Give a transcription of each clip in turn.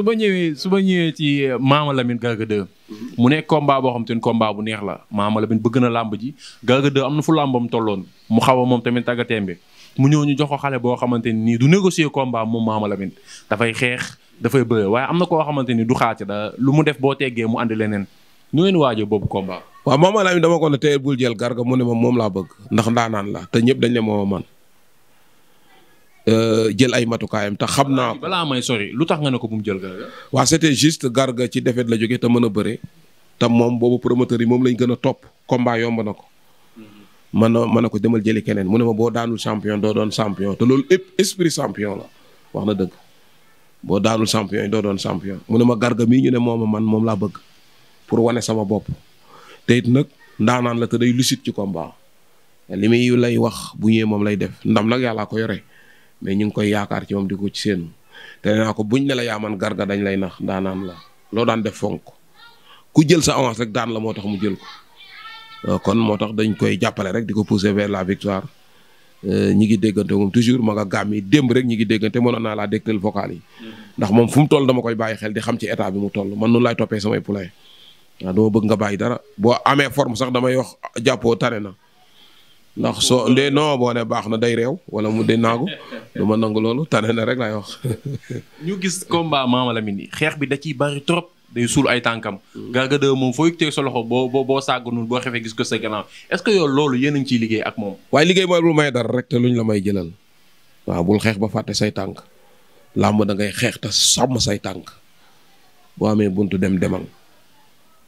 su ma ñëwee su ma ñëwee ci Maama Lamine Garga 2 mu nekk combat boo xam te ne combat bu neex la Maama Lamine bëgg na làmb ji Garga am na fu làmbam tolloon mu xaw a moom tamit bi mu ñëw ñu jox ko xale boo xamante nii du négocier combat moom Maama Lamine dafay xeex dafay bëre waaye am na koo xamante ni du xaati da lu mu def boo teggee mu andi leneen nu ngeen waajoo boobu combat. waaw Maama Lamine dama ko ne tey bul jël Garga mu ne ma moom laa bëgg ndax ndaanaan la te ñëpp dañ ne moom man Euh, jël ay matukaayam te xam naa. balaa may sori lu tax nga ne ko bu mu jël garga. waaw c'était juste garga ci défaite la jógee te mën a bëre te moom boobu promoteur yi moom lañ gën a topp combat yomb na ko. man mm-hmm. na mën na ko demal jëli keneen mu ne ma boo daanul champion doo doon champion te loolu esprit champion la wax na dëgg boo daanul champion doo doon champion mu ne ma garga mii ñu ne moom man moom laa bëgg pour wane sama bopp te it nag ndaanaan la te day lucide ci combat li muy lay wax bu ñëwee moom lay def ndam nag yàllaa ko yore. mais ñu ngi koy yaakaar ci moom di ko ci séenu te nee naa ko buñ ne la yaa man garga dañ lay nax daanaan la loo daan def fonk ku jël sa avance rek daan la moo tax mu jël ko euh, kon moo tax dañ koy jàppale rek di ko pousser vers la victoire euh, ñi ngi déggante moom toujours ma nga gàmm yi démb rek ñi ngi déggante mënoon naa laa dégtal vocal yi ndax moom fu mu toll dama koy bàyyi xel di xam ci état bi mu toll man noonu laay toppee samay poulain waaw dama bëgg nga bàyyi dara boo amee forme sax damay wax jàppoo tane na ndax soo ndee non boo ne baax na day réew wala mu de naagu du ma nangu loolu tane na rek laay wax. ñu gis combat Mama Lamine xeex bi da ciy bari trop day suul ay tànkam. Garga 2 moom foo yëg sa loxo boo boo boo sàggoonul boo xefee gis ko sa gannaaw est-ce que yow loolu yéen a ngi ciy liggéey ak moom. waaye liggéey mooy bul may dara rek te luñ la may jëlal waaw bul xeex ba fàtte say tànk làmb da ngay xeex te sàmm say tànk boo amee buntu dem demal.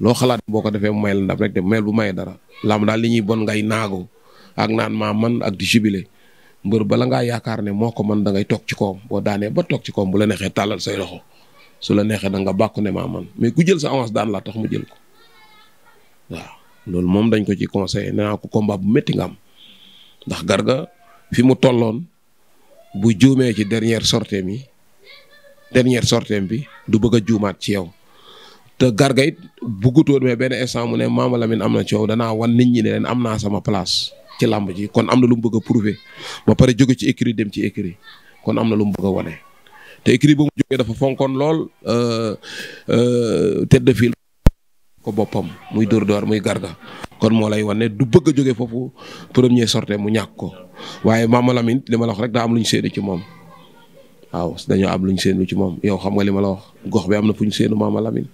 loo xalaat boo ko defee mu may la rek de bu may dara làmb daal li ñuy bon ngay naagu. ak naan maa man ak di jubilé mbër bala ngaa yaakaar ne moo ko man da ngay toog ci koom boo daanee ba toog ci koom bu la neexee tàllal say loxo su la neexee da nga bàkku ne maa man mais ku jël sa avance daan laa tax mu jël ko loolu moom dañ ko ci conseillé nee naa ko combat bu métti nga am ndax garga fi mu tolloon bu juumee ci dernière sortie mi dernière sortie bi du bëgg a juumaat ci yow te garga it buggutoon mais benn instant mu ne maama Lamine am na coow danaa wan nit ñi ne leen am naa sama place ci làmb ji kon am na lu mu bëgg a prouver ba pare jóge ci écurie dem ci écurie kon am na lu mu bëgg a wane te écurie ba mu jógee dafa fonkoon lool euh, euh, tête de file ko boppam muy dóor door muy garga kon moo lay wane du bëgg a jóge foofu premier sorte mu ñàkk ko waaye Mama Lamine li ma la wax rek daa am lu ñu séenu ci moom waaw dañoo am lu ñu séenu ci moom yow xam nga li ma la wax gox bi am na fu ñu a Mama Lamine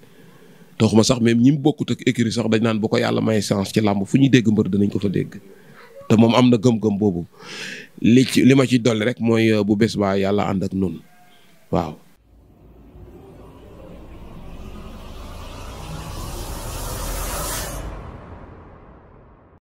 taxuma sax même ñi mu bokkut ak écurie sax dañ naan bu ci làmb fu ñuy dégg mbër danañ ko fa dégg te moom am na gëm boobu li ci li ma ci dolli rek mooy euh, bu bés baa yàlla ànd ak noonu waaw.